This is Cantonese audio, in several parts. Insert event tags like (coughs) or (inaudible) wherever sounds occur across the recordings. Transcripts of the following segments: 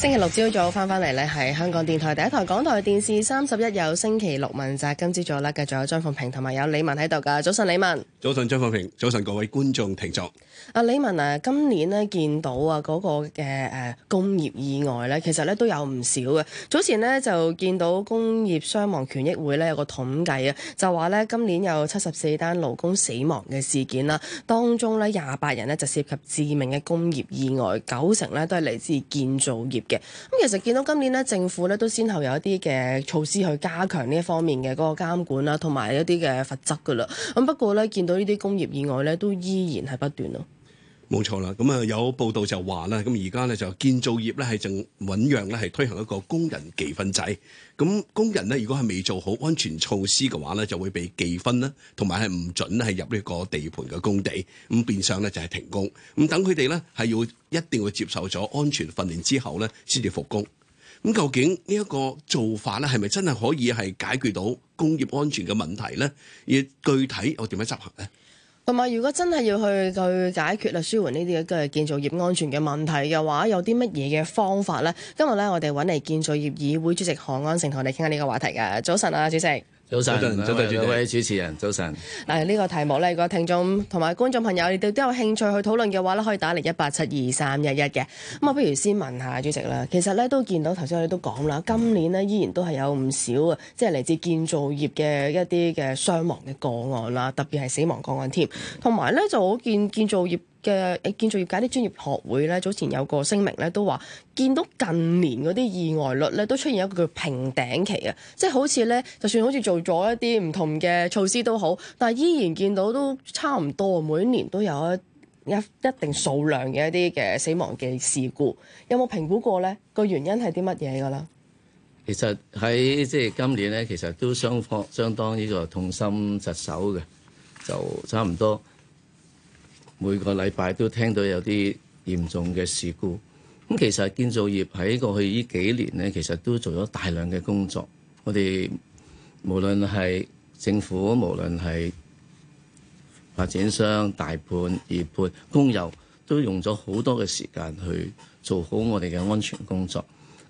星期六朝早翻翻嚟呢係香港電台第一台、港台電視三十一有星期六問責，今朝早呢，繼續有張鳳平同埋有李文喺度噶。早晨，李文。早晨，張鳳平。早晨，各位觀眾聽眾。阿李文啊，今年呢見到啊、那、嗰個嘅、呃、工業意外呢，其實呢都有唔少嘅。早前呢就見到工業傷亡權益會呢有個統計啊，就話呢今年有七十四單勞工死亡嘅事件啦，當中呢，廿八人呢就涉及致命嘅工業意外，九成呢都係嚟自建造業。咁其實見到今年咧，政府咧都先後有一啲嘅措施去加強呢一方面嘅嗰個監管啦，同埋一啲嘅罰則噶啦。咁不過咧，見到呢啲工業意外咧，都依然係不斷咯。冇錯啦，咁啊有報道就話啦，咁而家咧就建造業咧係正醞釀咧係推行一個工人記分制，咁工人咧如果係未做好安全措施嘅話咧，就會被記分啦，同埋係唔準係係入呢個地盤嘅工地，咁變相咧就係停工，咁等佢哋咧係要一定會接受咗安全訓練之後咧先至復工。咁究竟呢一個做法咧係咪真係可以係解決到工業安全嘅問題咧？亦具體我點樣執行咧？同埋，如果真係要去去解決啦，舒緩呢啲嘅建造業安全嘅問題嘅話，有啲乜嘢嘅方法呢？今日咧，我哋揾嚟建造業議會主席何安誠同我哋傾下呢個話題嘅。早晨啊，主席。早晨，早對住各位主持人，早晨。嗱，呢個題目咧，如果聽眾同埋觀眾朋友，你哋都有興趣去討論嘅話，咧，可以打嚟，一八七二三一一嘅。咁啊，不如先問下主席啦。其實咧，都見到頭先我哋都講啦，今年呢，依然都係有唔少啊，即係嚟自建造業嘅一啲嘅傷亡嘅個案啦，特別係死亡個案添。同埋咧，就好見建造業。嘅建造業界啲專業學會咧，早前有個聲明咧，都話見到近年嗰啲意外率咧，都出現一個叫平頂期啊，即係好似咧，就算好似做咗一啲唔同嘅措施都好，但係依然見到都差唔多，每年都有一一一定數量嘅一啲嘅死亡嘅事故，有冇評估過咧？個原因係啲乜嘢㗎啦？其實喺即係今年咧，其實都相方相當呢個痛心疾首嘅，就差唔多，每個禮拜都聽到有啲嚴重嘅事故，咁其實建造業喺過去呢幾年咧，其實都做咗大量嘅工作。我哋無論係政府，無論係發展商、大判、二判、工友，都用咗好多嘅時間去做好我哋嘅安全工作。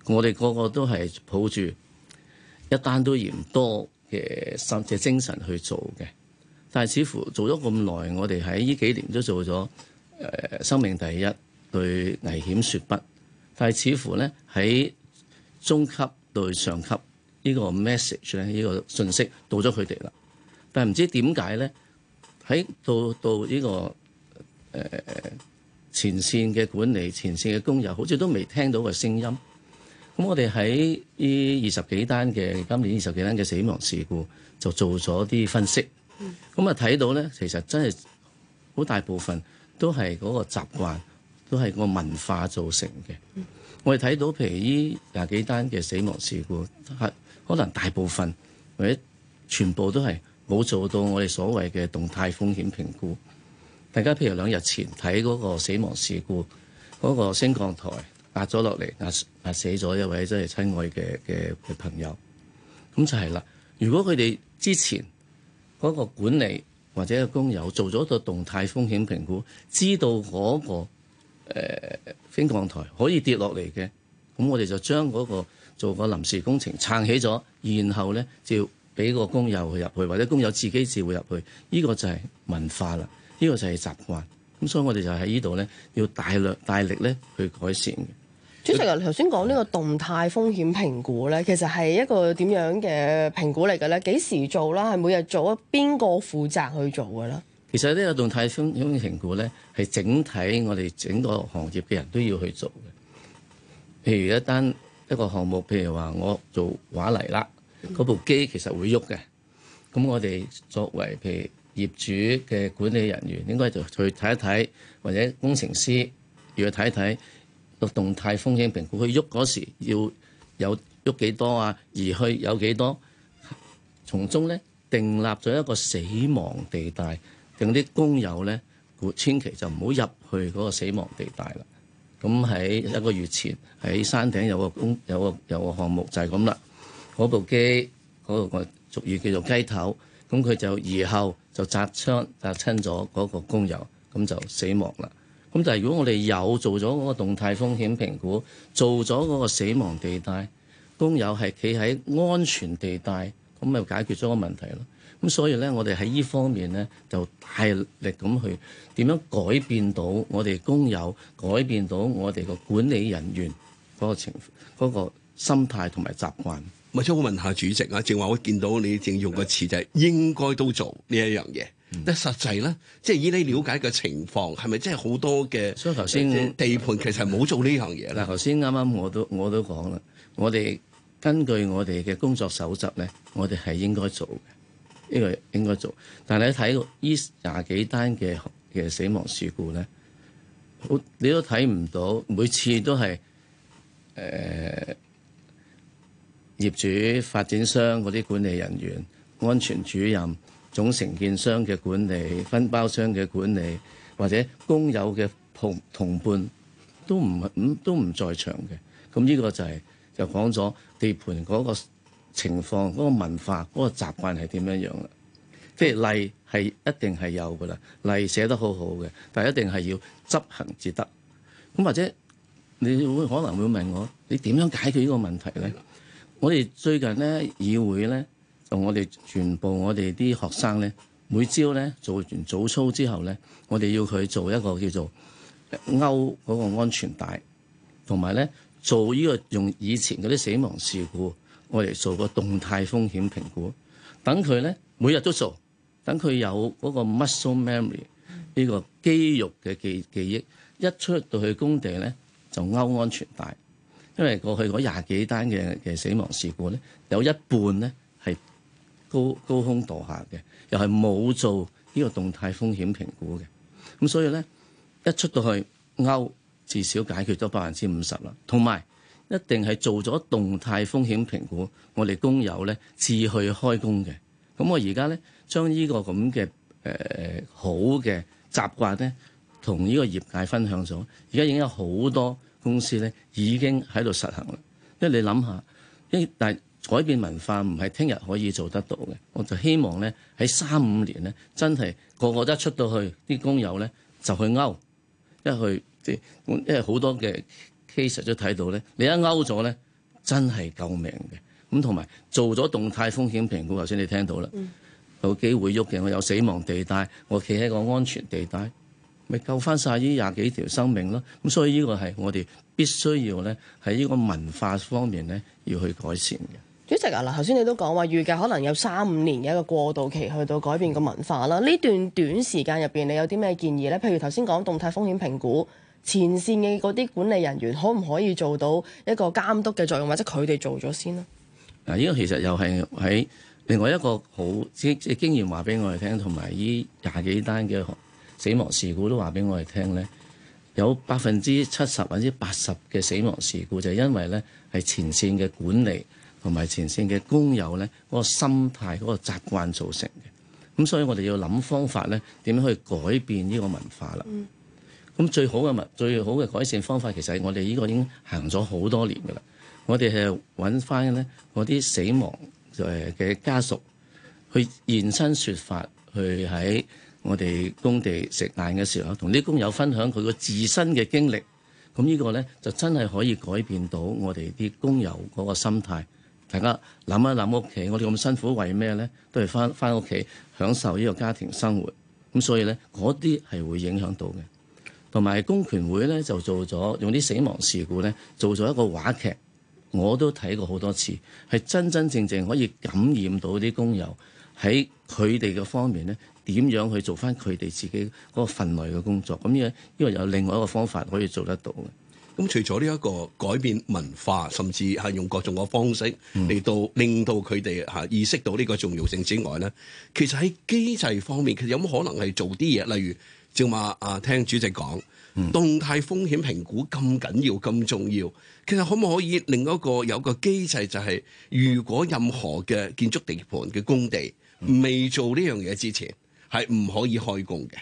我哋個個都係抱住一單都嫌多嘅三至精神去做嘅。但係，似乎做咗咁耐，我哋喺呢幾年都做咗誒、呃、生命第一，對危險說不。但係，似乎咧喺中級對上級呢、這個 message 咧，呢個信息到咗佢哋啦。但係唔知點解咧，喺到到呢、這個誒、呃、前線嘅管理、前線嘅工友，好似都未聽到個聲音。咁我哋喺呢二十幾單嘅今年二十幾單嘅死亡事故就做咗啲分析。咁啊，睇到咧，其實真係好大部分都係嗰個習慣，都係個文化造成嘅。我哋睇到譬如呢廿幾單嘅死亡事故，係可能大部分或者全部都係冇做到我哋所謂嘅動態風險評估。大家譬如兩日前睇嗰個死亡事故，嗰個升降台壓咗落嚟，壓壓死咗一位真係親愛嘅嘅朋友。咁就係啦，如果佢哋之前，嗰個管理或者個工友做咗個動態風險評估，知道嗰個誒升降台可以跌落嚟嘅，咁我哋就將嗰個做個臨時工程撐起咗，然後咧就俾個工友去入去，或者工友自己自會入去。呢個就係文化啦，呢個就係習慣。咁所以我哋就喺呢度咧，要大量大力咧去改善嘅。主席，頭先講呢個動態風險評估咧，其實係一個點樣嘅評估嚟嘅咧？幾時做啦？係每日做啊？邊個負責去做嘅咧？其實呢個動態風險評估咧，係整體我哋整個行業嘅人都要去做嘅。譬如一單一個項目，譬如話我做畫嚟啦，嗰部機其實會喐嘅，咁我哋作為譬如業主嘅管理人員，應該就去睇一睇，或者工程師要去睇一睇。個動態風險評估，佢喐嗰時要有喐幾多啊？移去有幾多？從中咧訂立咗一個死亡地帶，定啲工友咧千祈就唔好入去嗰個死亡地帶啦。咁喺一個月前喺山頂有個工有個有個項目就係咁啦。嗰部機嗰個俗語叫做雞頭，咁佢就移後就砸槍砸親咗嗰個工友，咁就死亡啦。咁但係如果我哋有做咗嗰個動態風險評估，做咗嗰個死亡地帶工友係企喺安全地帶，咁咪解決咗個問題咯。咁所以咧，我哋喺呢方面咧，就大力咁去點樣改變到我哋工友，改變到我哋個管理人員嗰個情嗰個心態同埋習慣。唔係，我問下主席啊，正話我見到你正用嘅詞就係應該都做呢一樣嘢。得、嗯、實際咧，即係以你了解嘅情況，係咪真係好多嘅？所以頭先地盤其實冇做這件事呢行嘢咧。嗱，頭先啱啱我都我都講啦，我哋根據我哋嘅工作守則咧，我哋係應該做嘅，呢個應該做。但係你睇呢廿幾單嘅嘅死亡事故咧，好，你都睇唔到，每次都係誒、呃、業主、發展商嗰啲管理人員、安全主任。總承建商嘅管理、分包商嘅管理，或者工友嘅同同伴都唔唔都唔在場嘅。咁呢個就係就講咗地盤嗰個情況、嗰個文化、嗰個習慣係點樣樣。即係例係一定係有㗎啦，例寫得好好嘅，但係一定係要執行至得。咁或者你會可能會問我，你點樣解決呢個問題咧？我哋最近咧議會咧。我哋全部我哋啲學生咧，每朝咧做完早操之後咧，我哋要佢做一個叫做勾嗰個安全帶，同埋咧做呢個用以前嗰啲死亡事故，我哋做個動態風險評估，等佢咧每日都做，等佢有嗰個 muscle memory 呢個肌肉嘅記記憶一出到去工地咧就勾安全帶，因為過去嗰廿幾單嘅嘅死亡事故咧有一半咧。高高空墮下嘅，又係冇做呢個動態風險評估嘅，咁所以咧一出到去，勾至少解決咗百分之五十啦。同埋一定係做咗動態風險評估，我哋工友咧自去開工嘅。咁我而家咧將呢個咁嘅誒好嘅習慣咧，同呢個業界分享咗。而家已經有好多公司咧已經喺度實行啦。因為你諗下，因但係。改變文化唔係聽日可以做得到嘅，我就希望咧喺三五年咧，真係個個都出到去，啲工友咧就去勾，一去即係，因為好多嘅 case 都睇到咧，你一勾咗咧真係救命嘅。咁同埋做咗動態風險評估，頭先你聽到啦，有機會喐嘅，我有死亡地帶，我企喺個安全地帶，咪救翻晒呢廿幾條生命咯。咁所以呢個係我哋必須要咧喺呢個文化方面咧要去改善嘅。主席啊，嗱，頭先你都講話，預計可能有三五年嘅一個過渡期，去到改變個文化啦。呢段短時間入邊，你有啲咩建議咧？譬如頭先講動態風險評估，前線嘅嗰啲管理人員可唔可以做到一個監督嘅作用，或者佢哋做咗先咧？嗱，呢個其實又係喺另外一個好即經驗話俾我哋聽，同埋呢廿幾單嘅死亡事故都話俾我哋聽咧，有百分之七十或者八十嘅死亡事故就係、是、因為咧係前線嘅管理。同埋前線嘅工友咧，嗰個心態、嗰個習慣造成嘅，咁所以我哋要諗方法咧，點樣去改變呢個文化啦。咁最好嘅文，最好嘅改善方法，其實係我哋呢個已經行咗好多年嘅啦。我哋係揾翻咧我啲死亡誒嘅家屬去現身説法，去喺我哋工地食晏嘅時候，同啲工友分享佢個自身嘅經歷，咁呢個咧就真係可以改變到我哋啲工友嗰個心態。大家諗一諗屋企，我哋咁辛苦為咩咧？都係翻翻屋企享受呢個家庭生活。咁所以咧，嗰啲係會影響到嘅。同埋工權會咧就做咗用啲死亡事故咧做咗一個話劇，我都睇過好多次，係真真正正可以感染到啲工友喺佢哋嘅方面咧點樣去做翻佢哋自己嗰個份內嘅工作。咁樣因為有另外一個方法可以做得到嘅。咁除咗呢一個改變文化，甚至係用各種嘅方式嚟到令到佢哋吓意識到呢個重要性之外咧，嗯、其實喺機制方面，其實有冇可能係做啲嘢？例如正話啊，聽主席講動態風險評估咁緊要，咁重要，其實可唔可以另一個有一個機制，就係，就係如果任何嘅建築地盤嘅工地未做呢樣嘢之前，係唔可以開工嘅？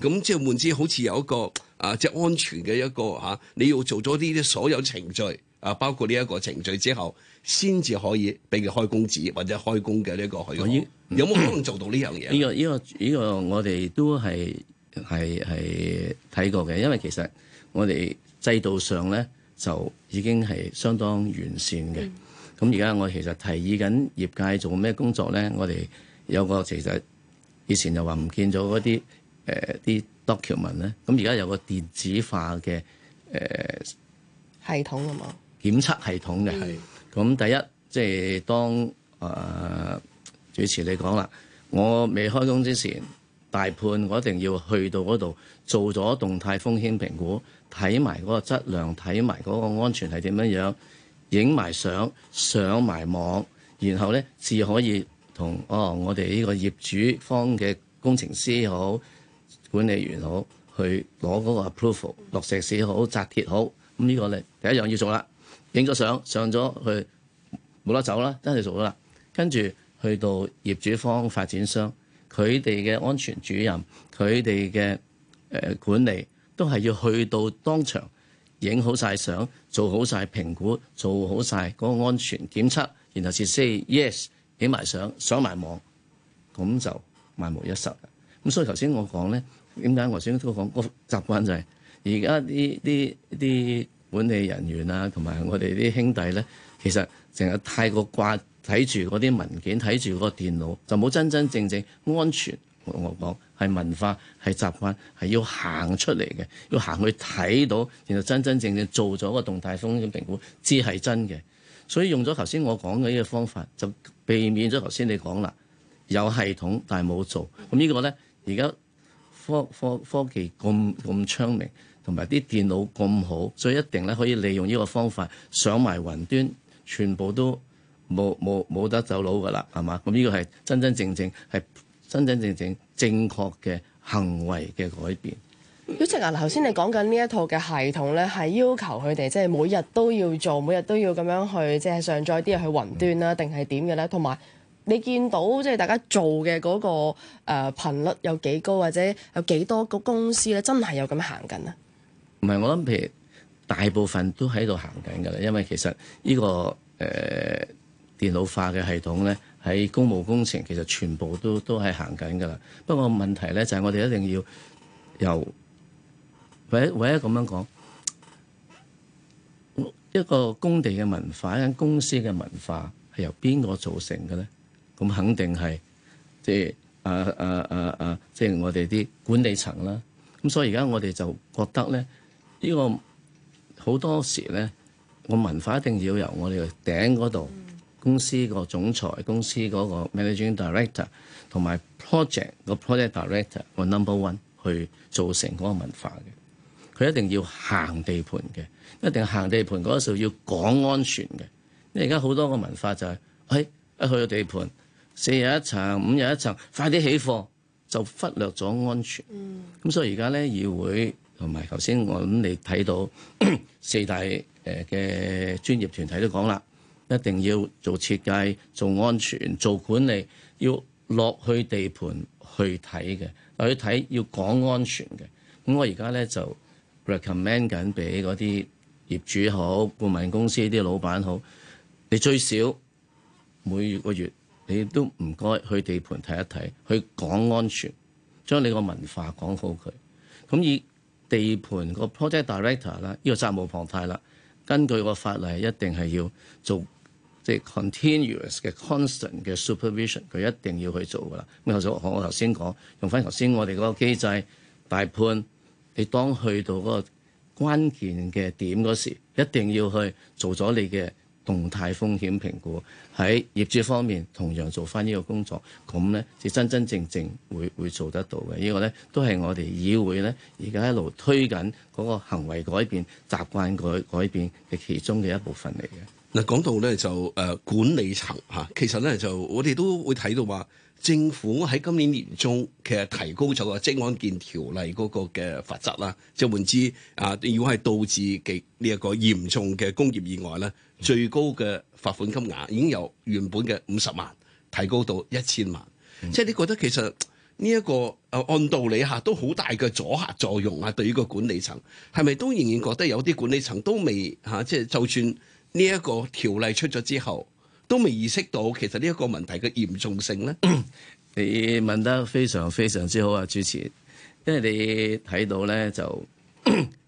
咁即係換之，好似有一個啊，即係安全嘅一個、啊、你要做咗啲所有程序啊，包括呢一個程序之後，先至可以俾佢開工紙或者開工嘅呢一個許可。嗯嗯、有冇可能做到呢樣嘢？呢個呢個呢個，這個這個、我哋都係係係睇過嘅。因為其實我哋制度上咧，就已經係相當完善嘅。咁而家我其實提議緊業界做咩工作咧？我哋有個其實以前就話唔見咗嗰啲。誒啲 document 咧，咁而家有個電子化嘅誒、呃、系統是是，啊嘛，檢測系統嘅係咁。第一，即、就、係、是、當誒、呃、主持你講啦，我未開工之前，大判我一定要去到嗰度做咗動態風險評估，睇埋嗰個質量，睇埋嗰個安全係點樣樣，影埋相，上埋網，然後咧至可以同哦我哋呢個業主方嘅工程師好。管理員好去攞嗰個 approval 落石屎好紮鐵好，咁呢個咧第一樣要做啦，影咗相上咗去，冇得走啦，真係做咗啦。跟住去到業主方發展商，佢哋嘅安全主任，佢哋嘅誒管理都係要去到當場影好晒相，做好晒評估，做好晒嗰個安全檢測，然後係 say yes 影埋相上埋網，咁就萬無一失啦。咁所以頭先我講咧。點解頭先都講個習慣就係而家呢啲啲管理人員啊，同埋我哋啲兄弟咧，其實成日太過掛睇住嗰啲文件，睇住個電腦，就冇真真正正安全。我講係文化，係習慣，係要行出嚟嘅，要行去睇到，然後真真正正做咗個動態風險評估，知係真嘅。所以用咗頭先我講嘅呢個方法，就避免咗頭先你講啦，有系統但係冇做。咁呢個咧，而家。科科，科技咁咁昌明，同埋啲電腦咁好，所以一定咧可以利用呢個方法上埋雲端，全部都冇冇冇得走佬噶啦，係嘛？咁呢個係真真正正係真真正正正確嘅行為嘅改變。主席啊，頭先你講緊呢一套嘅系統咧，係要求佢哋即係每日都要做，每日都要咁樣去即係上載啲嘢去雲端啦，定係點嘅咧？同埋。你見到即係大家做嘅嗰個誒頻率有幾高，或者有幾多個公司咧，真係有咁行緊啊？唔係，我諗譬如大部分都喺度行緊㗎喇，因為其實呢個誒電腦化嘅系統咧，喺公務工程其實全部都都係行緊㗎喇。不過問題咧就係我哋一定要由或者或者咁樣講，一個工地嘅文化、一間公司嘅文化係由邊個造成嘅咧？咁肯定係即係啊啊啊啊！即係我哋啲管理層啦。咁所以而家我哋就覺得咧，呢、呢個好多時咧，個文化一定要由我哋頂嗰度、嗯、公司個總裁、公司嗰個 managing director 同埋 project 個 project director 個 number one 去造成嗰個文化嘅。佢一定要行地盤嘅，一定行地盤嗰時候要講安全嘅。因為而家好多個文化就係喺一去到地盤。四日一層，五日一層，快啲起貨就忽略咗安全。咁、嗯、所以而家咧，議會同埋頭先我諗你睇到 (coughs) 四大誒嘅、呃、專業團體都講啦，一定要做設計、做安全、做管理，要落去地盤去睇嘅，去睇要講安全嘅。咁我而家咧就 recommend 緊俾嗰啲業主好、顧問公司啲老闆好，你最少每月個月。你都唔該去地盤睇一睇，去講安全，將你個文化講好佢。咁以地盤 pro director，個 project director 啦，呢個責無旁貸啦。根據個法例，一定係要做即係、就是、continuous 嘅 constant 嘅 supervision，佢一定要去做㗎啦。咁我頭先講，用翻頭先我哋嗰個機制大判，你當去到嗰個關鍵嘅點嗰時，一定要去做咗你嘅。動態風險評估喺業主方面，同樣做翻呢個工作，咁咧就真真正正，正會會做得到嘅。這個、呢個咧都係我哋議會咧而家一路推緊嗰個行為改變、習慣改改變嘅其中嘅一部分嚟嘅。嗱，講到咧就誒、呃、管理層嚇、啊，其實咧就我哋都會睇到話，政府喺今年年中其實提高咗個職安健條例嗰、那個嘅罰則啦，即係換之啊，如果係導致嘅呢一個嚴重嘅工業意外咧。最高嘅罰款金額已經由原本嘅五十萬提高到一千萬，嗯、即係你覺得其實呢、呢、一個誒按道理吓都好大嘅阻吓作用啊！對於個管理層，係咪都仍然覺得有啲管理層都未吓，即係就算呢一個條例出咗之後都未意識到其實呢一個問題嘅嚴重性咧？你問得非常非常之好啊，主持，因為你睇到咧就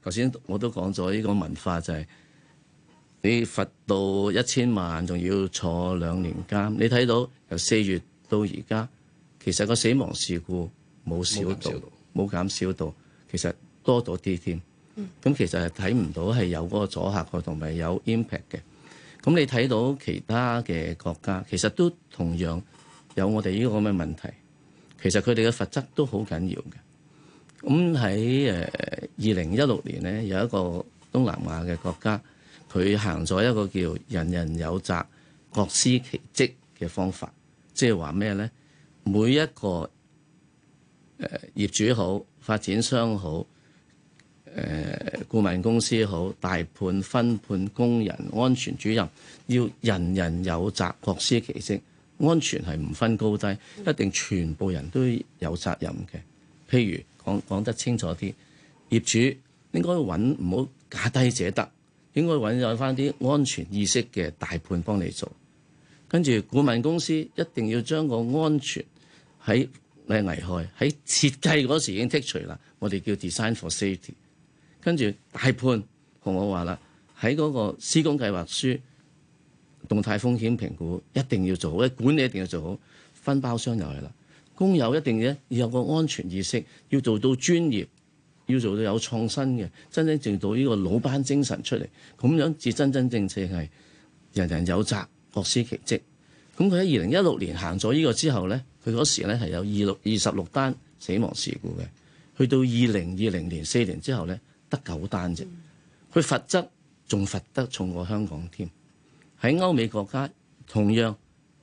頭先 (coughs) 我都講咗呢個文化就係、是。你罰到一千萬，仲要坐兩年監。你睇到由四月到而家，其實個死亡事故冇少到，冇減，減少到，其實多咗啲添。咁、嗯、其實係睇唔到係有嗰個阻嚇嘅，同埋有 impact 嘅。咁你睇到其他嘅國家，其實都同樣有我哋呢個咁嘅問題。其實佢哋嘅罰則都好緊要嘅。咁喺誒二零一六年咧，有一個東南亞嘅國家。佢行咗一個叫人人有責、各司其職嘅方法，即係話咩呢？每一個誒、呃、業主好、發展商好、誒、呃、顧問公司好、大判分判工人、安全主任，要人人有責、各司其職。安全係唔分高低，一定全部人都有責任嘅。譬如講，講得清楚啲，業主應該揾唔好價低者得。應該揾有翻啲安全意識嘅大判幫你做，跟住顧問公司一定要將個安全喺咩危害喺設計嗰時已經剔除啦。我哋叫 design for safety。跟住大判同我話啦，喺嗰個施工計劃書、動態風險評估一定要做好，管理一定要做好，分包商又係啦，工友一定嘅要有個安全意識，要做到專業。要做到有創新嘅，真真正正到呢個老班精神出嚟，咁樣至真真正正係人人有責，各司其職。咁佢喺二零一六年行咗呢個之後呢，佢嗰時呢係有二六二十六單死亡事故嘅，去到二零二零年四年之後呢，得九單啫。佢罰則仲罰得重過香港添。喺歐美國家，同樣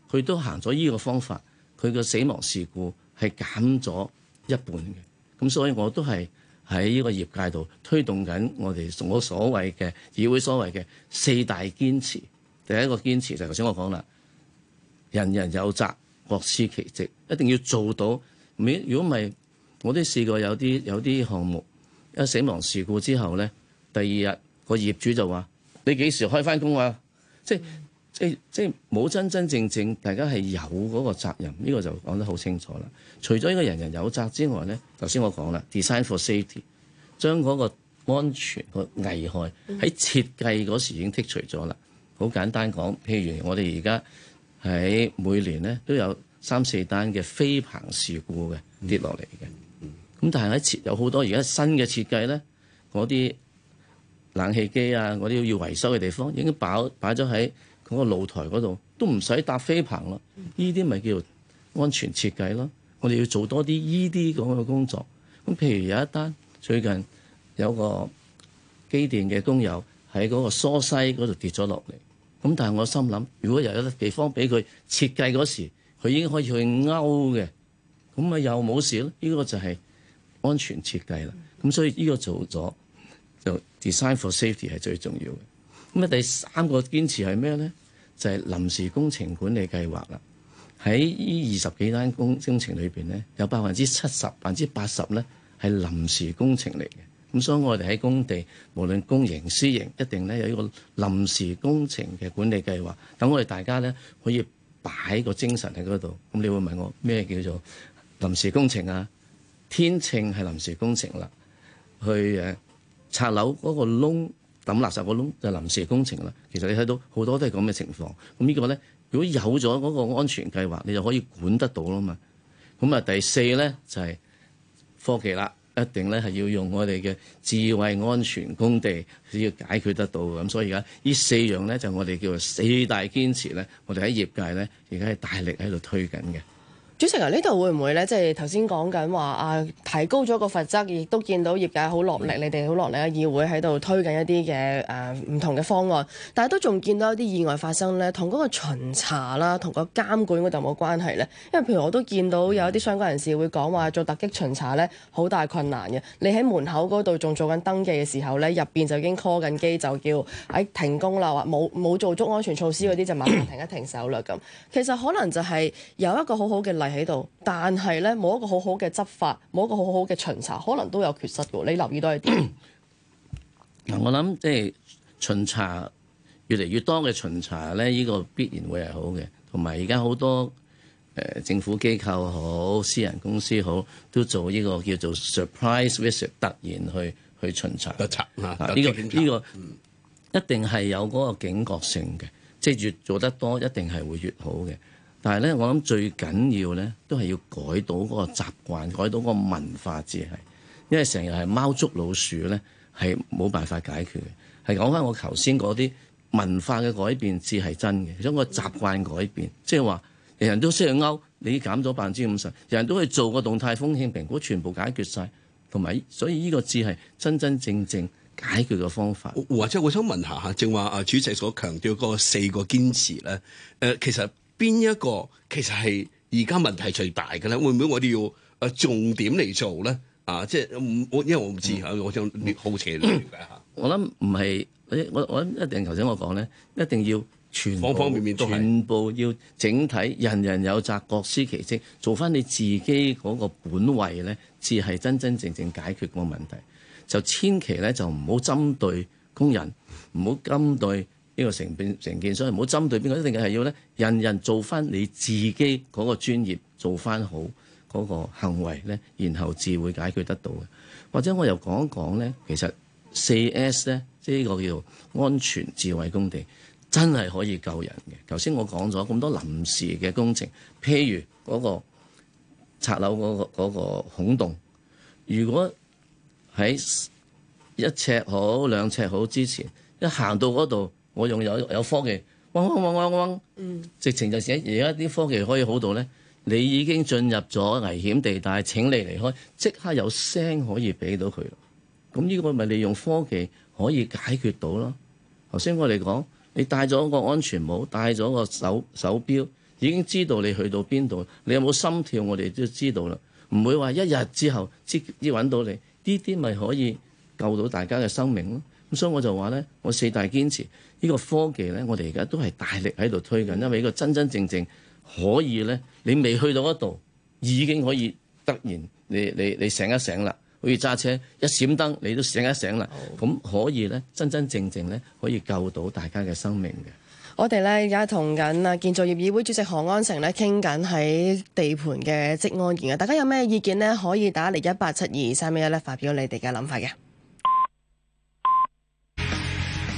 佢都行咗呢個方法，佢嘅死亡事故係減咗一半嘅。咁所以我都係，喺呢個業界度推動緊我哋我所謂嘅議會所謂嘅四大堅持。第一個堅持就頭先我講啦，人人有責，各司其職，一定要做到。如果唔係，我都試過有啲有啲項目，一死亡事故之後咧，第二日個業主就話：你幾時開翻工啊？即係。即係即係冇真真正正大家係有嗰個責任，呢個就講得好清楚啦。除咗呢個人人有責之外呢，頭先我講啦，design for safety，將嗰個安全、嗰個危害喺、嗯、設計嗰時已經剔除咗啦。好簡單講，譬如我哋而家喺每年呢都有三四單嘅飛棚事故嘅跌落嚟嘅，咁、嗯、但係喺設有好多而家新嘅設計呢，嗰啲冷氣機啊，嗰啲要維修嘅地方已經擺擺咗喺。嗰個露台嗰度都唔使搭飛棚啦，呢啲咪叫安全設計咯。我哋要做多啲呢啲咁嘅工作。咁譬如有一單最近有個機電嘅工友喺嗰個疏西嗰度跌咗落嚟。咁但係我心諗，如果有一個地方俾佢設計嗰時，佢已經可以去勾嘅，咁咪又冇事咯。呢個就係安全設計啦。咁所以呢個做咗就 design for safety 係最重要嘅。咁啊，第三個堅持係咩咧？就係臨時工程管理計劃啦。喺呢二十幾單工工程裏邊咧，有百分之七十、百分之八十咧係臨時工程嚟嘅。咁所以我哋喺工地，無論公營私營，一定咧有一個臨時工程嘅管理計劃。等我哋大家咧可以擺個精神喺嗰度。咁你會問我咩叫做臨時工程啊？天秤係臨時工程啦，去誒拆樓嗰個窿。抌垃圾嗰窿就是、臨時工程啦，其實你睇到好多都係咁嘅情況。咁呢個咧，如果有咗嗰個安全計劃，你就可以管得到吖嘛。咁啊，第四咧就係、是、科技啦，一定咧係要用我哋嘅智慧安全工地先要解決得到。咁所以而家呢四樣咧就是、我哋叫做四大堅持咧，我哋喺業界咧而家係大力喺度推緊嘅。主席啊，會不會呢度會唔會咧？即係頭先講緊話啊，提高咗個罰則，亦都見到業界好落力，你哋好落力啊！議會喺度推緊一啲嘅誒唔同嘅方案，但係都仲見到一啲意外發生咧。同嗰個巡查啦，同個監管嗰度冇關係咧？因為譬如我都見到有一啲相關人士會講話做突擊巡查咧，好大困難嘅。你喺門口嗰度仲做緊登記嘅時候咧，入邊就已經 call 緊機，就叫喺停工啦，話冇冇做足安全措施嗰啲就馬上停一停手啦咁。 (coughs) 其實可能就係有一個好好嘅例。喺度，但係咧，冇一個好好嘅執法，冇一個好好嘅巡查，可能都有缺失嘅。你留意到係點？嗱、嗯，我諗即係巡查越嚟越多嘅巡查咧，呢、呢個必然會係好嘅。同埋而家好多誒、呃、政府機構好、私人公司好，都做呢個叫做 surprise visit，突然去去巡查查呢個呢個，呢個、一定係有嗰個警覺性嘅，嗯、即係越做得多，一定係會越好嘅。但係咧，我諗最緊要咧，都係要改到嗰個習慣，改到個文化至係，因為成日係貓捉老鼠咧，係冇辦法解決嘅。係講翻我頭先嗰啲文化嘅改變至係真嘅，將個習慣改變，即係話人人都識去勾，你減咗百分之五十，人人都去做個動態風險評估，全部解決晒。同埋所以呢個至係真真正正解決嘅方法。或者我想問下吓，正話啊，主席所強調嗰四個堅持咧，呃，其實。邊一個其實係而家問題最大嘅咧？會唔會我哋要誒重點嚟做咧？啊，即係我因為我唔知啊，我想好奇你嘅嚇。我諗唔係，我我我諗一定頭先我講咧，一定要全方方面面都全部要整體，人人有責，各司其職，做翻你自己嗰個本位咧，至係真真正正解決個問題。就千祈咧，就唔好針對工人，唔好針對。呢個成建成建，所以唔好針對邊個，一定係要咧，人人做翻你自己嗰個專業，做翻好嗰個行為咧，然後自會解決得到嘅。或者我又講一講咧，其實四 S 咧，即係呢個叫安全智慧工地，真係可以救人嘅。頭先我講咗咁多臨時嘅工程，譬如嗰個拆樓嗰個嗰個孔洞，如果喺一尺好兩尺好之前，一行到嗰度。我用有有科技，嗡嗡嗡嗡嗡，直情就係。而家啲科技可以好到咧，你已經進入咗危險地帶，請你離開，即刻有聲可以俾到佢。咁呢個咪利用科技可以解決到咯。頭先我哋講，你戴咗個安全帽，戴咗個手手錶，已經知道你去到邊度，你有冇心跳，我哋都知道啦。唔會話一日之後即先揾到你，呢啲咪可以救到大家嘅生命咯。咁所以我就話咧，我四大堅持，呢個科技咧，我哋而家都係大力喺度推緊，因為呢個真真正正可以咧，你未去到嗰度，已經可以突然你你你醒一醒啦，好似揸車一閃燈你都醒一醒啦。咁的可以咧，真真正正咧，可以救到大家嘅生命嘅。我哋咧而家同緊啊建造業議會主席何安誠咧傾緊喺地盤嘅職安啊，大家有咩意見咧，可以打嚟一八七二三一一咧發表你哋嘅諗法嘅。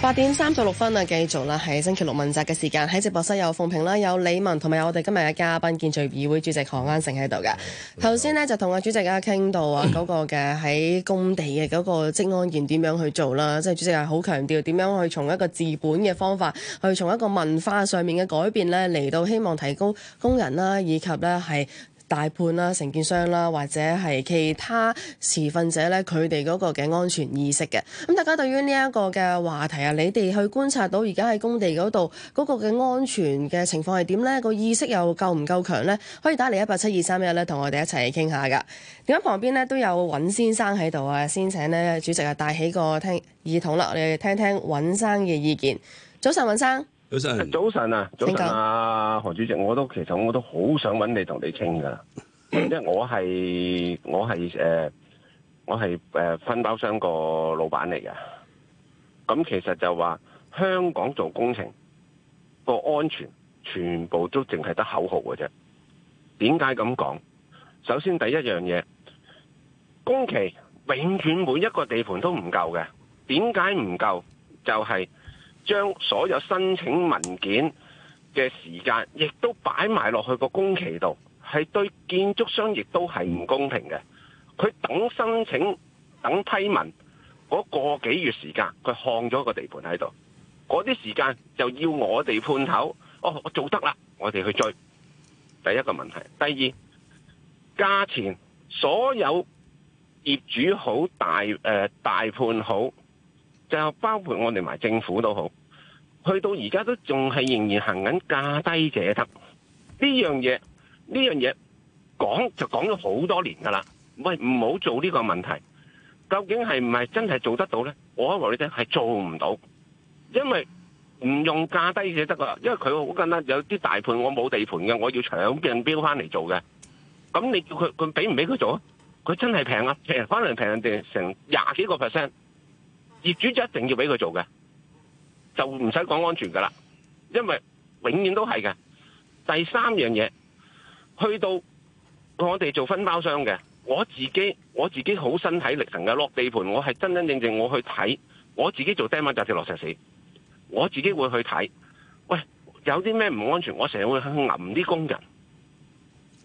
八點三十六分啊，繼續啦，喺星期六問責嘅時間喺直播室有奉平啦，有李文同埋有我哋今日嘅嘉賓建造業議會主席何安誠喺度㗎。頭先呢，就同阿主席而家傾到啊嗰個嘅喺工地嘅嗰個職安員點樣去做啦，即係 (laughs) 主席係好強調點樣去從一個治本嘅方法，去從一個文化上面嘅改變呢，嚟到希望提高工人啦，以及呢係，大判啦、承建商啦，或者係其他持份者咧，佢哋嗰個嘅安全意識嘅。咁大家對於呢一個嘅話題啊，你哋去觀察到而家喺工地嗰度嗰個嘅安全嘅情況係點咧？個意識又夠唔夠強咧？可以打嚟一八七二三一咧，同我哋一齊傾下噶。點解旁邊咧都有尹先生喺度啊？先請咧主席啊，帶起個聽耳筒啦，我哋聽聽尹生嘅意見。早晨，尹生。早晨，早晨啊，何早晨啊，何主席，我都其實我都好想搵你同你傾噶，因為 (coughs) 我係我係誒，我係誒、呃、分包商個老闆嚟嘅。咁其實就話香港做工程個安全，全部都淨係得口號嘅啫。點解咁講？首先第一樣嘢，工期永遠每一個地盤都唔夠嘅。點解唔夠？就係、是。將所有申請文件嘅時間，亦都擺埋落去個工期度，係對建築商亦都係唔公平嘅。佢等申請、等批文嗰、嗰個幾月時間，佢看咗個地盤喺度。嗰啲時間就要我哋判頭。哦，我做得啦，我哋去追。第一個問題，第二價錢，所有業主好大誒、呃，大判好，就包括我哋埋政府都好去到而家都仲係仍然行緊價低者得呢樣嘢，呢樣嘢講就講咗好多年噶啦，喂，唔好做呢個問題，究竟係唔係真係做得到咧？我話你聽係做唔到，因為唔用價低者得噶，因為佢好簡單，有啲大盤我冇地盤嘅，我要搶靚標翻嚟做嘅，咁你叫佢，佢俾唔俾佢做啊？佢真係平啊，平翻嚟平成廿幾個 percent，業主就一定要俾佢做嘅。就唔使講安全噶啦，因為永遠都係嘅。第三樣嘢，去到我哋做分包商嘅，我自己我自己好身體力行嘅落地盤，我係真真正正，正我去睇，我自己做 demo 就食落石屎，我自己會去睇。喂，有啲咩唔安全，我成日會去揞啲工人。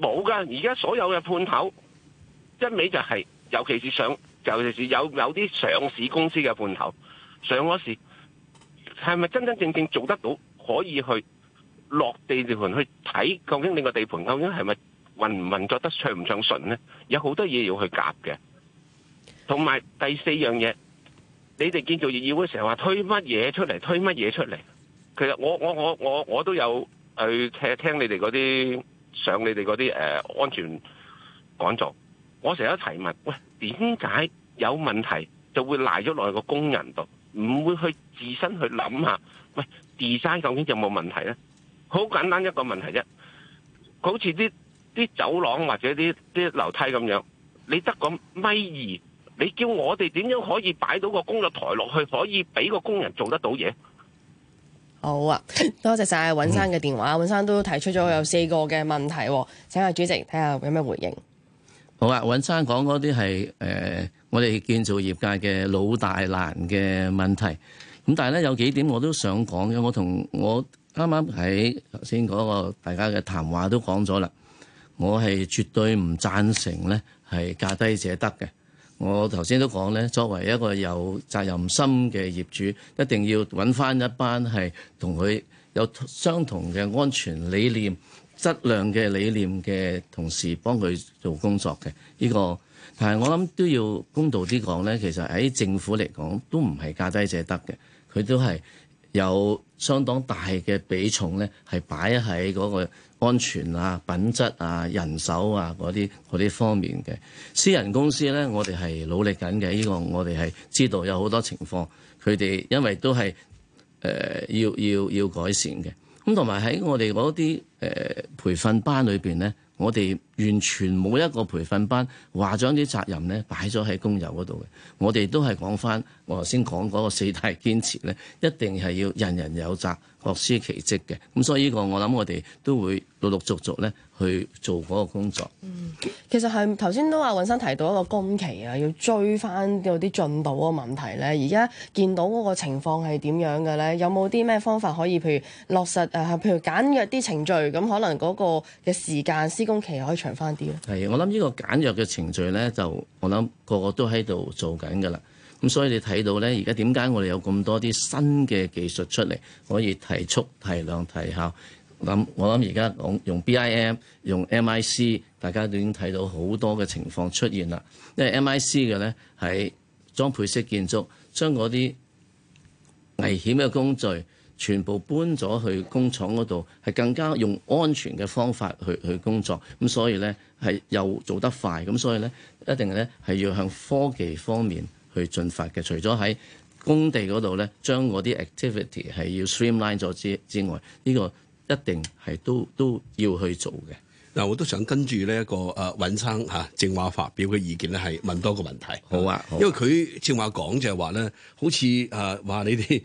冇噶，而家所有嘅判頭，一味就係、是，尤其是上，尤其是有有啲上市公司嘅判頭，上咗市。係咪真真正正做得到可以去落地地盤去睇，究竟你個地盤究竟係咪運唔運作得暢唔暢順呢？有好多嘢要去夾嘅，同埋第四樣嘢，你哋建造業議會成日話推乜嘢出嚟，推乜嘢出嚟？其實我我我我我都有去聽聽你哋嗰啲上你哋嗰啲誒安全講座，我成日都提問，喂，點解有問題就會賴咗落去個工人度？唔會去自身去諗下，喂，design 究竟有冇問題咧？好簡單一個問題啫，好似啲啲走廊或者啲啲樓梯咁樣，你得個米二，你叫我哋點樣可以擺到個工作台落去，可以俾個工人做得到嘢？好啊，多謝晒尹生嘅電話，尹生都提出咗有四個嘅問題，請下主席睇下有咩回應。好啊，尹生講嗰啲係誒。我哋建造業界嘅老大難嘅問題，咁但係咧有幾點我都想講嘅。我同我啱啱喺頭先嗰個大家嘅談話都講咗啦，我係絕對唔贊成咧係價低者得嘅。我頭先都講咧，作為一個有責任心嘅業主，一定要揾翻一班係同佢有相同嘅安全理念、質量嘅理念嘅同事幫佢做工作嘅呢個。係，但我諗都要公道啲講咧，其實喺政府嚟講都唔係價低者得嘅，佢都係有相當大嘅比重咧，係擺喺嗰個安全啊、品質啊、人手啊嗰啲嗰啲方面嘅。私人公司咧，我哋係努力緊嘅，呢個我哋係知道有好多情況，佢哋因為都係誒、呃、要要要改善嘅。咁同埋喺我哋嗰啲誒培訓班裏面咧。我哋完全冇一個培訓班話將啲責任咧，擺咗喺工友嗰度嘅。我哋都係講返。我頭先講嗰個四大堅持咧，一定係要人人有責、各司其職嘅。咁所以呢個我諗，我哋都會陸陸續續咧去做嗰個工作。嗯，其實係頭先都話尹生提到一個工期啊，要追翻嗰啲進度嘅問題咧。而家見到嗰個情況係點樣嘅咧？有冇啲咩方法可以，譬如落實誒、啊，譬如簡約啲程序，咁可能嗰個嘅時間施工期可以長翻啲咧？係，我諗呢個簡約嘅程序咧，就我諗個個都喺度做緊㗎啦。咁所以你睇到咧，而家點解我哋有咁多啲新嘅技術出嚟，可以提速、提量、提效？諗我諗而家講用 BIM、用 MIC，大家都已經睇到好多嘅情況出現啦。因為 MIC 嘅咧係裝配式建築，將嗰啲危險嘅工序全部搬咗去工廠嗰度，係更加用安全嘅方法去去工作。咁所以咧係又做得快，咁所以咧一定咧係要向科技方面。去進發嘅，除咗喺工地嗰度咧，將嗰啲 activity 係要 streamline 咗之之外，呢個一定係都都要去做嘅。嗱，我都想跟住呢一個誒尹生嚇正話發表嘅意見咧，係問多個問題。好啊，好啊。因為佢正話講就係話咧，好似誒話你哋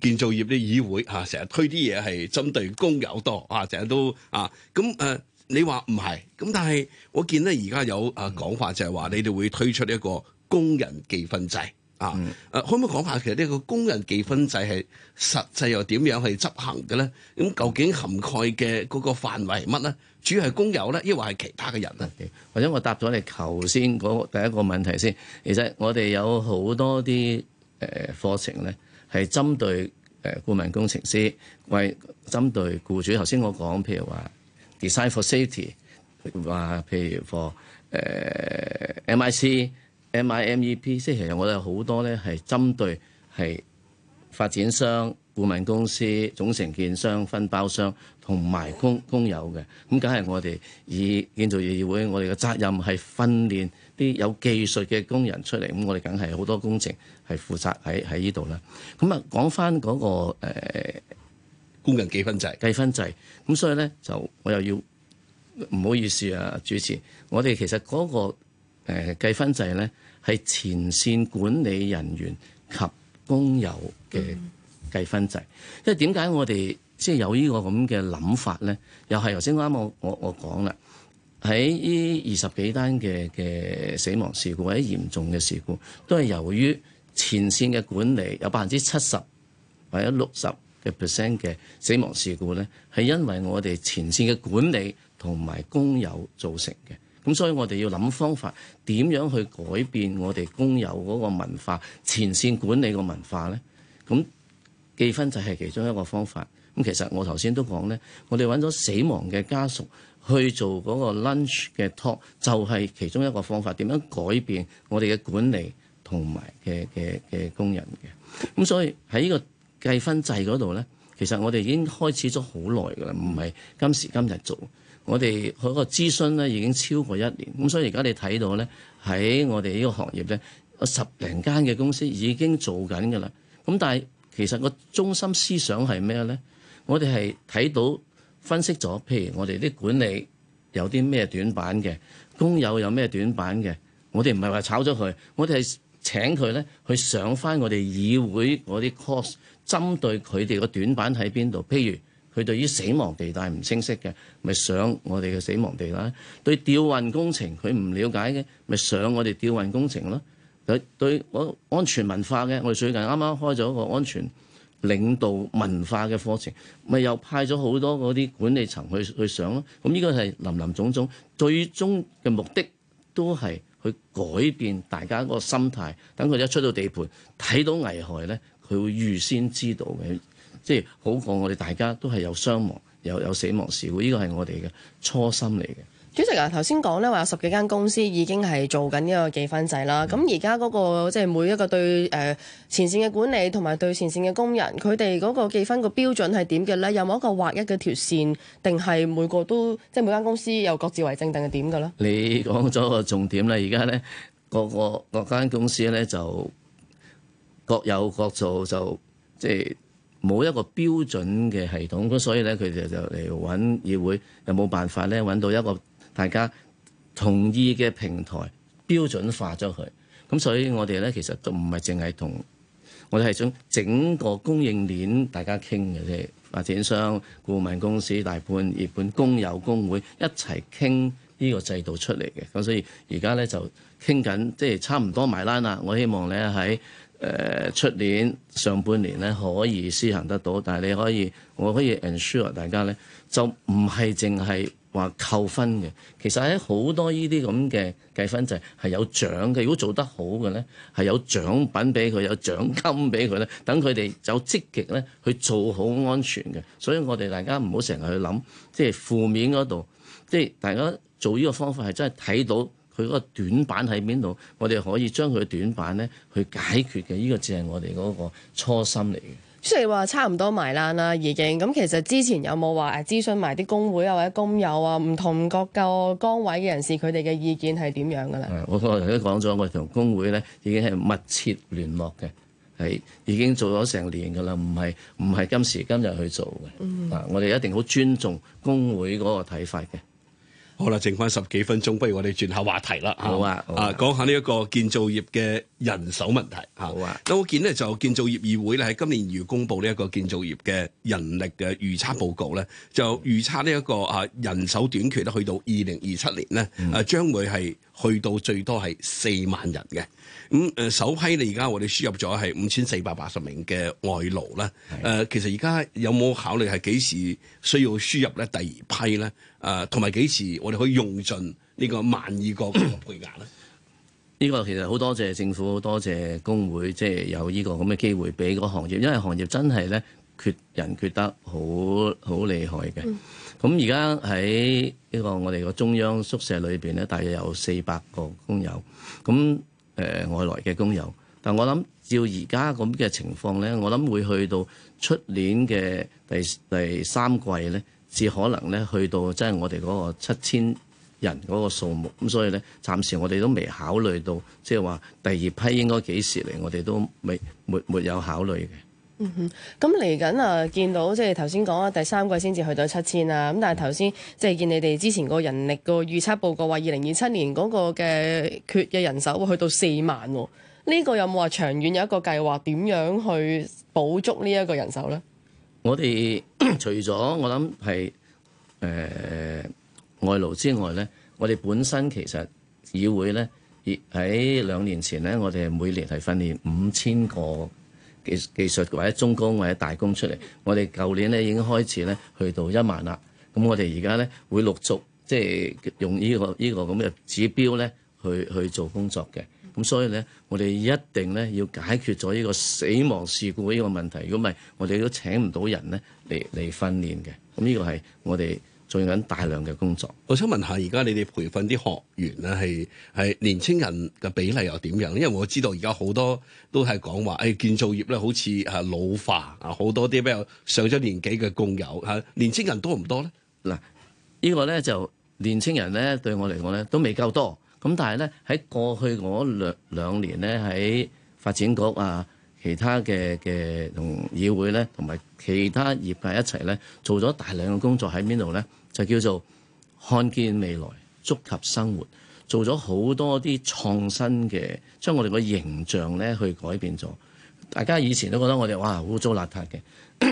建造業啲議會嚇，成日推啲嘢係針對工友多啊，成日都啊，咁誒你話唔係？咁但係我見咧而家有誒講法就係話，你哋會推出一個工人記分制啊，誒、嗯啊、可唔可以講下其實呢個工人記分制係實際又點樣去執行嘅咧？咁究竟涵蓋嘅嗰個範圍係乜咧？主要係工友咧，抑或係其他嘅人啊，或者、okay. 我，我答咗你頭先嗰第一個問題先。其實我哋有好多啲誒課程咧，係針對誒顧問工程師，為針對僱主。頭先我講譬如話 design for safety 話譬如 for 誒、uh, MIC。M.I.M.E.P. 即係其實我哋有好多咧係針對係發展商、顧問公司、總承建商、分包商同埋工工友嘅，咁梗係我哋以建造業協會，我哋嘅責任係訓練啲有技術嘅工人出嚟。咁我哋梗係好多工程係負責喺喺依度啦。咁啊，講翻嗰個、呃、工人計分制、計分制，咁所以咧就我又要唔好意思啊，主持我哋其實嗰、那個。誒、呃、計分制咧，係前線管理人員及工友嘅計分制。嗯、因為點解我哋即係有呢個咁嘅諗法咧？又係頭先啱啱我我我講啦，喺呢二十幾單嘅嘅死亡事故或者嚴重嘅事故，都係由於前線嘅管理有百分之七十或者六十嘅 percent 嘅死亡事故咧，係因為我哋前線嘅管理同埋工友造成嘅。咁所以，我哋要諗方法，點樣去改變我哋工友嗰個文化、前線管理個文化呢？咁計分制係其中一個方法。咁其實我頭先都講呢，我哋揾咗死亡嘅家屬去做嗰個 lunch 嘅 talk，就係其中一個方法。點樣改變我哋嘅管理同埋嘅嘅嘅工人嘅？咁所以喺呢個計分制嗰度呢，其實我哋已經開始咗好耐噶啦，唔係今時今日做。我哋嗰個諮詢咧已經超過一年，咁所以而家你睇到咧喺我哋呢個行業咧，有十零間嘅公司已經做緊㗎喇。咁但係其實個中心思想係咩咧？我哋係睇到分析咗，譬如我哋啲管理有啲咩短板嘅，工友有咩短板嘅，我哋唔係話炒咗佢，我哋係請佢咧去上翻我哋議會嗰啲 course，針對佢哋個短板喺邊度，譬如。佢對於死亡地帶唔清晰嘅，咪上我哋嘅死亡地帶。對吊運工程佢唔了解嘅，咪上我哋吊運工程咯。對對安全文化嘅，我哋最近啱啱開咗一個安全領導文化嘅課程，咪又派咗好多嗰啲管理層去去上咯。咁呢個係林林總總，最終嘅目的都係去改變大家個心態，等佢一出到地盤睇到危害呢，佢會預先知道嘅。即係好過我哋，大家都係有傷亡，又有，有死亡事故，呢個係我哋嘅初心嚟嘅。主席啊，頭先講咧話有十幾間公司已經係做緊呢個記分制啦。咁而家嗰個即係、就是、每一個對誒、呃、前線嘅管理，同埋對前線嘅工人，佢哋嗰個記分個標準係點嘅咧？有冇一個劃一嘅條線，定係每個都即係每間公司有各自為政，定係點嘅咧？你講咗個重點啦，而家咧各個各間公司咧就各有各做就，就即係。冇一個標準嘅系統，咁所以咧，佢哋就嚟揾議會又冇辦法咧，揾到一個大家同意嘅平台，標準化咗佢。咁所以我哋咧，其實都唔係淨係同，我哋係想整個供應鏈大家傾嘅啫，即發展商、顧問公司、大判業本工友、工會一齊傾呢個制度出嚟嘅。咁所以而家咧就傾緊，即係差唔多埋單啦。我希望咧喺誒出年上半年咧可以施行得到，但係你可以，我可以 ensure 大家咧就唔係淨係話扣分嘅，其實喺好多呢啲咁嘅計分制係有獎嘅，如果做得好嘅咧係有獎品俾佢，有獎金俾佢咧，等佢哋有積極咧去做好安全嘅，所以我哋大家唔好成日去諗即係負面嗰度，即係大家做呢個方法係真係睇到。佢個短板喺邊度？我哋可以將佢短板咧去解決嘅，呢個只係我哋嗰個初心嚟嘅。雖然話差唔多埋單啦，已經咁。其實之前有冇話誒諮詢埋啲工會啊，或者工友啊，唔同各個崗位嘅人士佢哋嘅意見係點樣㗎咧？我剛才都講咗，我哋同工會咧已經係密切聯絡嘅，係已經做咗成年㗎啦，唔係唔係今時今日去做嘅。啊、嗯，我哋一定好尊重工會嗰個睇法嘅。好啦，剩翻十幾分鐘，不如我哋轉下話題啦、啊。好啊，啊，講下呢一個建造業嘅人手問題。好啊，咁、啊、我見咧就建造業議會咧喺今年要公布呢一個建造業嘅人力嘅預測報告咧，就預測呢一個啊人手短缺咧去到二零二七年咧，誒、嗯，將、啊、會係去到最多係四萬人嘅。咁、嗯、誒、呃，首批你而家我哋輸入咗係五千四百八十名嘅外勞咧。誒的、啊，其實而家有冇考慮係幾時需要輸入咧第二批咧？誒，同埋幾時我哋可以用盡呢個萬二個嘅配額咧？呢、 (coughs) 呢個其實好多謝政府，多謝工會，即、就、係、是、有呢個咁嘅機會俾個行業，因為行業真係咧缺人缺得好好厲害嘅。咁而家喺呢個我哋個中央宿舍裏邊咧，大約有四百個工友，咁誒、呃、外來嘅工友。但我諗照而家咁嘅情況咧，我諗會去到出年嘅第第三季咧。只可能咧去到即係、就是、我哋嗰個七千人嗰個數目，咁所以咧暫時我哋都未考慮到，即係話第二批應該幾時嚟，我哋都未沒沒有考慮嘅。嗯哼，咁嚟緊啊，見到即係頭先講啊，第三季先至去到七千啊，咁但係頭先即係見你哋之前個人力個預測報告話二零二七年嗰個嘅缺嘅人手會去到四萬，呢、這個有冇話長遠有一個計劃點樣去補足呢一個人手咧？我哋除咗我諗係誒外勞之外咧，我哋本身其實議會咧，喺兩年前咧，我哋係每年係訓練五千個技技術或者中工或者大工出嚟。我哋舊年咧已經開始咧去到一萬啦。咁我哋而家咧會陸續即係用呢個呢個咁嘅指標咧去去做工作嘅。咁所以咧，我哋一定咧要解決咗呢個死亡事故呢個問題。如果唔係，我哋都請唔到人咧嚟嚟訓練嘅。咁呢個係我哋做緊大量嘅工作。我想問下，而家你哋培訓啲學員咧，係係年青人嘅比例又點樣？因為我知道而家好多都係講話誒建造業咧好似係老化啊，好多啲比較上咗年紀嘅工友嚇，年青人多唔多咧？嗱，呢個咧就年青人咧對我嚟講咧都未夠多。咁但係咧，喺過去嗰兩年咧，喺發展局啊、其他嘅嘅同議會咧，同埋其他業界一齊咧，做咗大量嘅工作喺邊度咧？就叫做看見未來，觸及生活，做咗好多啲創新嘅，將我哋個形象咧去改變咗。大家以前都覺得我哋哇污糟邋遢嘅，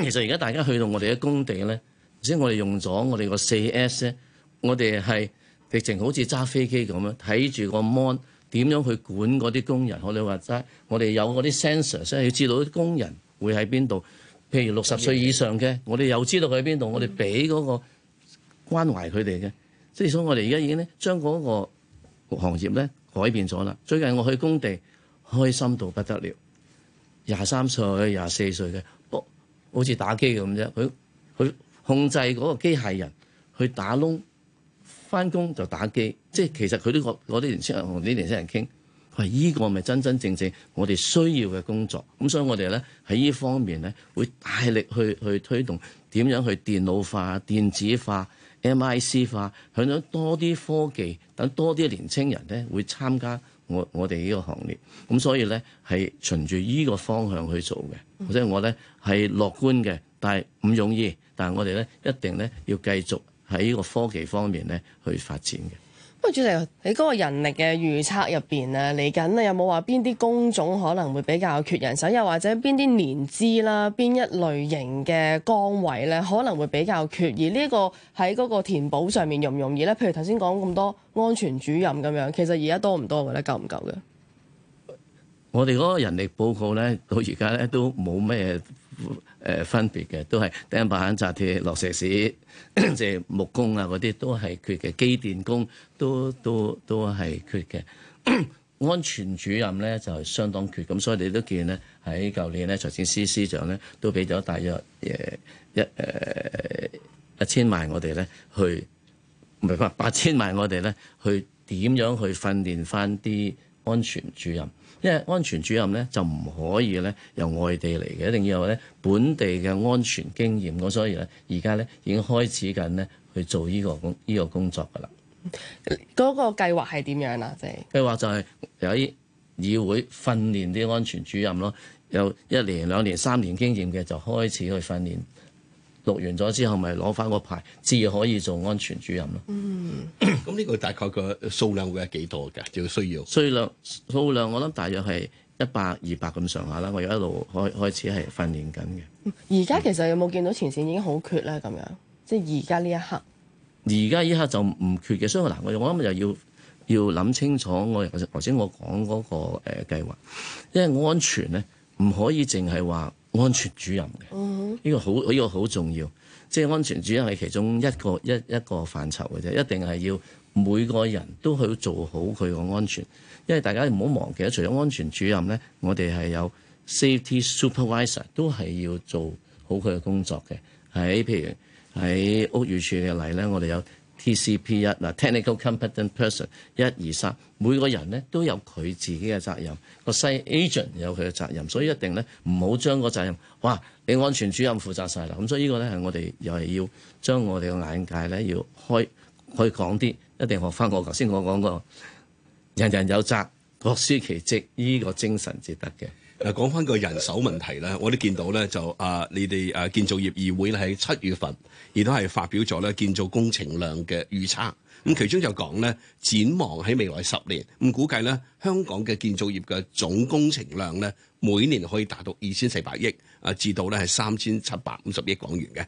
其實而家大家去到我哋嘅工地咧，頭先我哋用咗我哋個四 S 咧，我哋係。直情好似揸飛機咁樣，睇住個 mon 點樣去管嗰啲工人。我哋話齋，我哋有嗰啲 sensor，所以要知道啲工人會喺邊度。譬如六十歲以上嘅，我哋又知道佢喺邊度，我哋俾嗰個關懷佢哋嘅。即係所以，我哋而家已經咧將嗰個行業咧改變咗啦。最近我去工地，開心到不得了。廿三歲、廿四歲嘅，好似打機咁啫。佢佢控制嗰個機械人去打窿。翻工就打機，即係其實佢都覺嗰啲年青人同啲年青人傾，喂，依個咪真真正正我哋需要嘅工作，咁所以我哋咧喺呢方面咧會大力去去推動點樣去電腦化、電子化、MIC 化，向咗多啲科技等多啲年青人咧會參加我我哋呢個行列，咁所以咧係循住依個方向去做嘅，所以、嗯、我咧係樂觀嘅，但係唔容易，但係我哋咧一定咧要繼續。喺呢個科技方面咧，去發展嘅。不過，主席，喺嗰個人力嘅預測入邊啊，嚟緊咧有冇話邊啲工種可能會比較缺人手？又或者邊啲年資啦，邊一類型嘅崗位咧可能會比較缺？而呢個喺嗰個填補上面容唔容易咧？譬如頭先講咁多安全主任咁樣，其實而家多唔多嘅咧？夠唔夠嘅？我哋嗰個人力報告咧，到而家咧都冇咩。誒、呃、分別嘅都係釘板扎鐵落石屎，即係 (coughs) 木工啊嗰啲都係缺嘅，機電工都都都係缺嘅。 (coughs) 安全主任咧就係、相當缺嘅，咁所以你都見咧喺舊年咧財政司司長咧都俾咗大約誒一誒一,一千萬我哋咧去，唔係八千萬我哋咧去點樣去訓練返啲安全主任。因為安全主任咧就唔可以咧由外地嚟嘅，一定要有咧本地嘅安全經驗。我所以咧而家咧已經開始緊咧去做呢個工呢個工作㗎啦。嗰個計劃係點樣呀？即係計劃就係由議會訓練啲安全主任咯，有一年、兩年、三年經驗嘅就開始去訓練。錄完咗之後，咪攞翻個牌，至可以做安全主任咯。嗯，咁呢 (coughs) 個大概個數量會係幾多㗎？要需要數量數量、數量我諗大約係一百二百咁上下啦。我有一路開開始係訓練緊嘅。而家其實有冇見到前線已經好缺咧？咁樣，即係而家呢一刻。而家依刻就唔缺嘅，所以嗱，呃，我我諗又要要諗清楚我，我頭先我講嗰個誒，呃、計劃，因為安全咧唔可以淨係話。安全主任嘅，呢個好呢個好重要，即係安全主任係其中一個一一個範疇嘅啫，一定係要每個人都去做好佢個安全，因為大家唔好忘記，除咗安全主任咧，我哋係有 safety supervisor 都係要做好佢嘅工作嘅，喺譬如喺屋宇署嘅例咧，我哋有。T.C.P. 一，嗱，technical competent person，一二三，每個人咧都有佢自己嘅責任，個西 agent 有佢嘅責任，所以一定咧唔好將個責任，哇！你安全主任負責晒啦，咁所以呢個咧係我哋又係要將我哋嘅眼界咧要開，去講啲，一定學翻我頭先我講過，人人有責，各司其職，依個精神至得嘅。嗱，講翻個人手問題咧，我都見到咧就啊，你哋啊建造業議會咧喺七月份亦都係發表咗咧建造工程量嘅預測，咁其中就講咧展望喺未來十年，咁估計咧香港嘅建造業嘅總工程量咧每年可以達到二千四百億啊，至到咧係三千七百五十億港元嘅。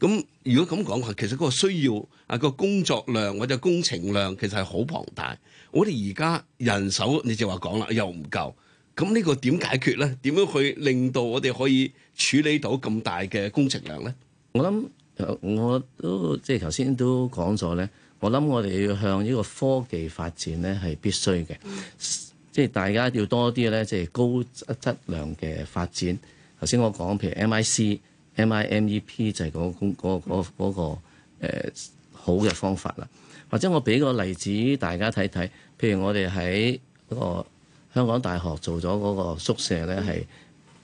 咁、嗯、如果咁講，其實嗰個需要啊個工作量或者工程量其實係好龐大，我哋而家人手，你就話講啦，又唔夠。咁呢個點解決咧？點樣去令到我哋可以處理到咁大嘅工程量咧？我諗，我都即係頭先都講咗咧。我諗我哋要向呢個科技發展咧係必須嘅，即係大家要多啲咧即係高質量嘅發展。頭先我講譬如 MIC、嗰個、MIMEP 就係嗰個嗰、嗰個嗰個呃、好嘅方法啦。或者我俾個例子大家睇睇，譬如我哋喺嗰香港大學做咗嗰個宿舍咧，係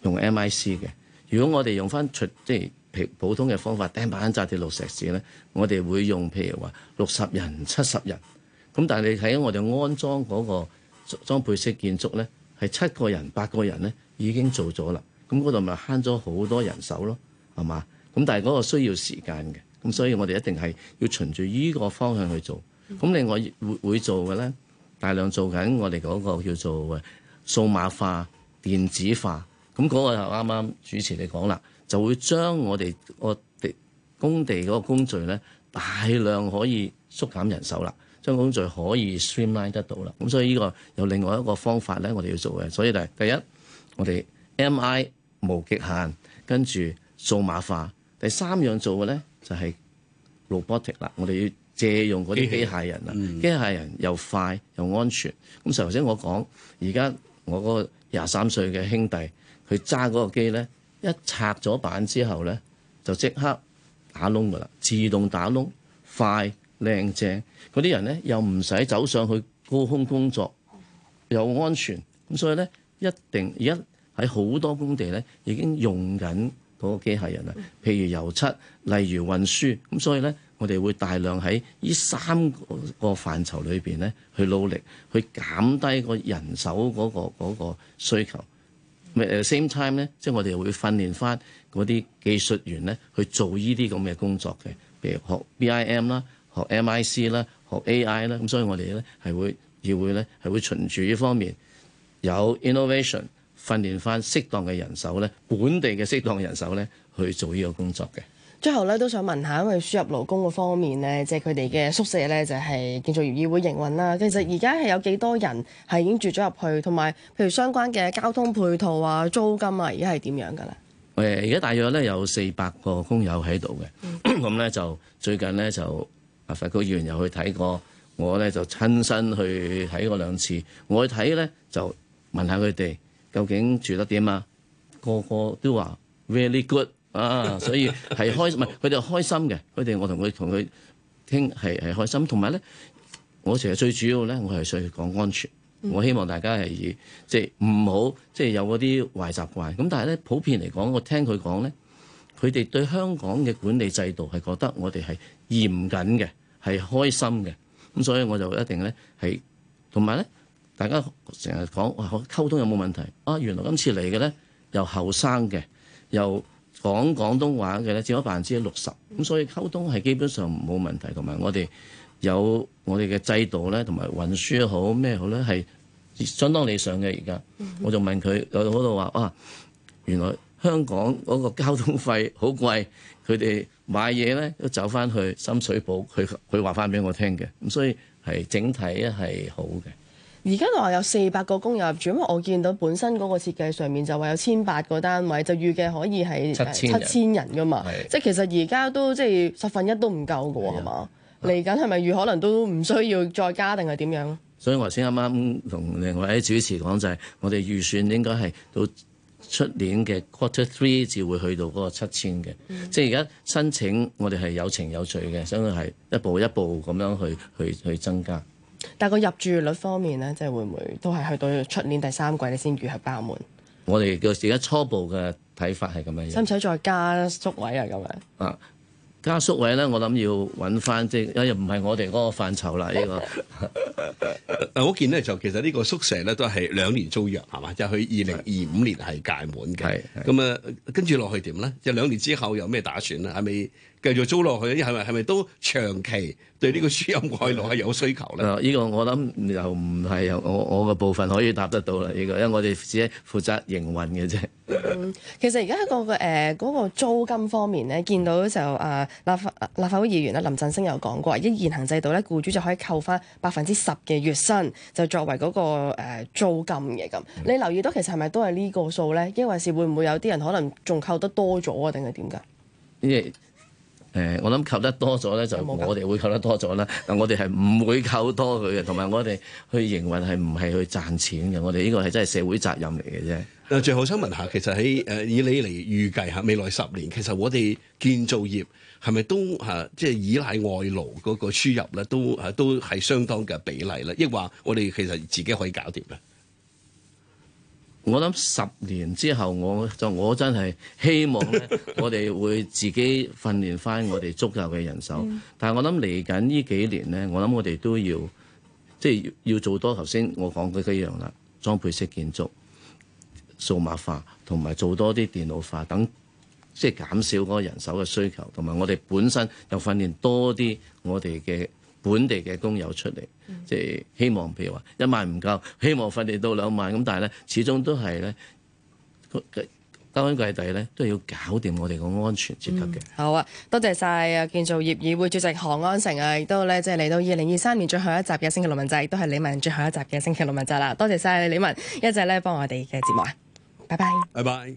用 MIC 嘅。如果我哋用返除即係普通嘅方法，釘板紮鐵落石屎咧，我哋會用譬如話六十人、七十人。咁但係你睇我哋安裝嗰個裝配式建築咧，係七個人、八個人咧已經做咗啦。咁嗰度咪慳咗好多人手咯，係嘛？咁但係嗰個需要時間嘅，咁所以我哋一定係要循住依個方向去做。咁另外會會做嘅咧？大量做緊我哋嗰個叫做數碼化、電子化，咁、那、嗰個就啱啱主持你講啦，就會將我哋個地工地嗰個工序咧，大量可以縮減人手啦，將工序可以 streamline 得到啦，咁所以呢個有另外一個方法咧，我哋要做嘅，所以就係第一，我哋 Mi 無極限，跟住數碼化，第三樣做嘅咧就係 robotic 啦，我哋要。借用嗰啲機械人啊，機械人又快又安全。咁頭先我講，而家我嗰個廿三歲嘅兄弟，佢揸嗰個機咧，一拆咗板之後咧，就即刻打窿噶啦，自動打窿，快靚正。嗰啲人咧又唔使走上去高空工作，又安全。咁所以咧，一定而家喺好多工地咧，已經用緊嗰個機械人啦。譬如油漆，例如運輸。咁所以咧。我哋會大量喺呢三個個範疇裏邊咧，去努力去減低個人手嗰個嗰個需求。咪誒，same time 咧，即係我哋會訓練翻嗰啲技術員咧，去做呢啲咁嘅工作嘅，譬如學 BIM 啦，學 MIC 啦，學 AI 啦。咁所以我哋咧係會要會咧係會循住呢方面有 innovation 訓練翻適當嘅人手咧，本地嘅適當人手咧去做呢個工作嘅。最後咧都想問下，因為輸入勞工嘅方面咧，即係佢哋嘅宿舍咧，就係建造業議會營運啦。其實而家係有幾多人係已經住咗入去，同埋譬如相關嘅交通配套啊、租金啊，而家係點樣㗎咧？誒，而家大約咧有四百個工友喺度嘅，咁咧、嗯、就最近咧就立法局議員又去睇過，我咧就親身去睇過兩次。我睇咧就問下佢哋究竟住得點啊？個個都話 really good。啊，所以係開唔係佢哋係開心嘅。佢哋我同佢同佢傾係係開心，同埋咧，我其實最主要咧，我係想講安全。我希望大家係即係唔好即係有嗰啲壞習慣。咁但係咧，普遍嚟講，我聽佢講咧，佢哋對香港嘅管理制度係覺得我哋係嚴謹嘅，係開心嘅。咁所以我就一定咧係同埋咧，大家成日講哇，溝通有冇問題啊？原來今次嚟嘅咧又後生嘅又。講廣東話嘅咧，至少百分之六十咁，所以溝通係基本上冇問題，同埋我哋有我哋嘅制度咧，同埋運輸好咩好咧，係相當理想嘅。而家我就問佢，有好多話哇、啊，原來香港嗰個交通費好貴，佢哋買嘢咧都走翻去深水埗，佢佢話翻俾我聽嘅，咁，所以係整體係好嘅。而家話有四百個工友入住，因為我見到本身嗰個設計上面就話有千八個單位，就預計可以係七千人噶嘛。即係其實而家都即係十分一都唔夠嘅喎，係嘛的？嚟緊係咪預可能都唔需要再加定係點樣？所以我先啱啱同另外一位主持講就係，我哋預算應該係到出年嘅 quarter three 至會去到嗰個七千嘅。嗯、即係而家申請我哋係有情有趣嘅，所以係一步一步咁樣去去去增加。但個入住率方面咧，即係會唔會都係去到出年第三季你先遇合爆滿？我哋嘅而家初步嘅睇法係咁樣。使唔使再加宿位啊？咁樣啊？加宿位咧，我諗要揾翻即係，又唔係我哋嗰個範疇啦，呢個。我見咧就其實呢個宿舍咧都係兩年租約係嘛，就是、去二零二五年係屆滿嘅。咁啊，跟住落去點咧？就是、兩年之後有咩打算啊？係咪？繼續租落去，係咪係咪都長期對呢個輸入外來係有需求咧？呢依個我諗又唔係，我我嘅部分可以答得到啦。呢個因為我哋只係負責營運嘅啫。其實而家喺個誒嗰、 (laughs) 呃那個、租金方面咧，見到就啊、呃、立法立法會議員啦，林振昇有講過話，依現行制度咧，僱主就可以扣翻百分之十嘅月薪，就作為嗰、那個、呃、租金嘅咁。嗯、你留意到其實係咪都係呢個數咧？抑或是會唔會有啲人可能仲扣得多咗啊？定係點㗎？誒。誒，我諗扣得多咗咧，就我哋會扣得多咗啦。但我哋係唔會扣多佢嘅，同埋我哋去營運係唔係去賺錢嘅？我哋呢個係真係社會責任嚟嘅啫。誒，最後想問下，其實喺以你嚟預計下未來十年，其實我哋建造業係咪都即係、就是、依賴外勞嗰個輸入咧？都都係相當嘅比例咧，抑或我哋其實自己可以搞掂咧？我諗十年之後我，我就我真係希望咧， (laughs) 我哋會自己訓練翻我哋足夠嘅人手。嗯、但我諗嚟緊呢幾年咧，我諗我哋都要即係、就是、要做多頭先我講嘅一樣啦，裝配式建築、數碼化同埋做多啲電腦化等，即、就、係、是、減少嗰個人手嘅需求，同埋我哋本身又訓練多啲我哋嘅。本地嘅工友出嚟，即係希望譬如話一萬唔夠，希望快啲到兩萬。咁但係咧，始終都係咧，當今季底咧都係要搞掂我哋嘅安全節級嘅。好啊，多謝晒，啊！建造業議會主席何安誠啊，亦都咧即係嚟到二零二三年最後一集嘅星期六問責，亦都係李文最後一集嘅星期六問責啦。多謝晒，李文，一陣咧幫我哋嘅節目啊，拜拜，拜拜。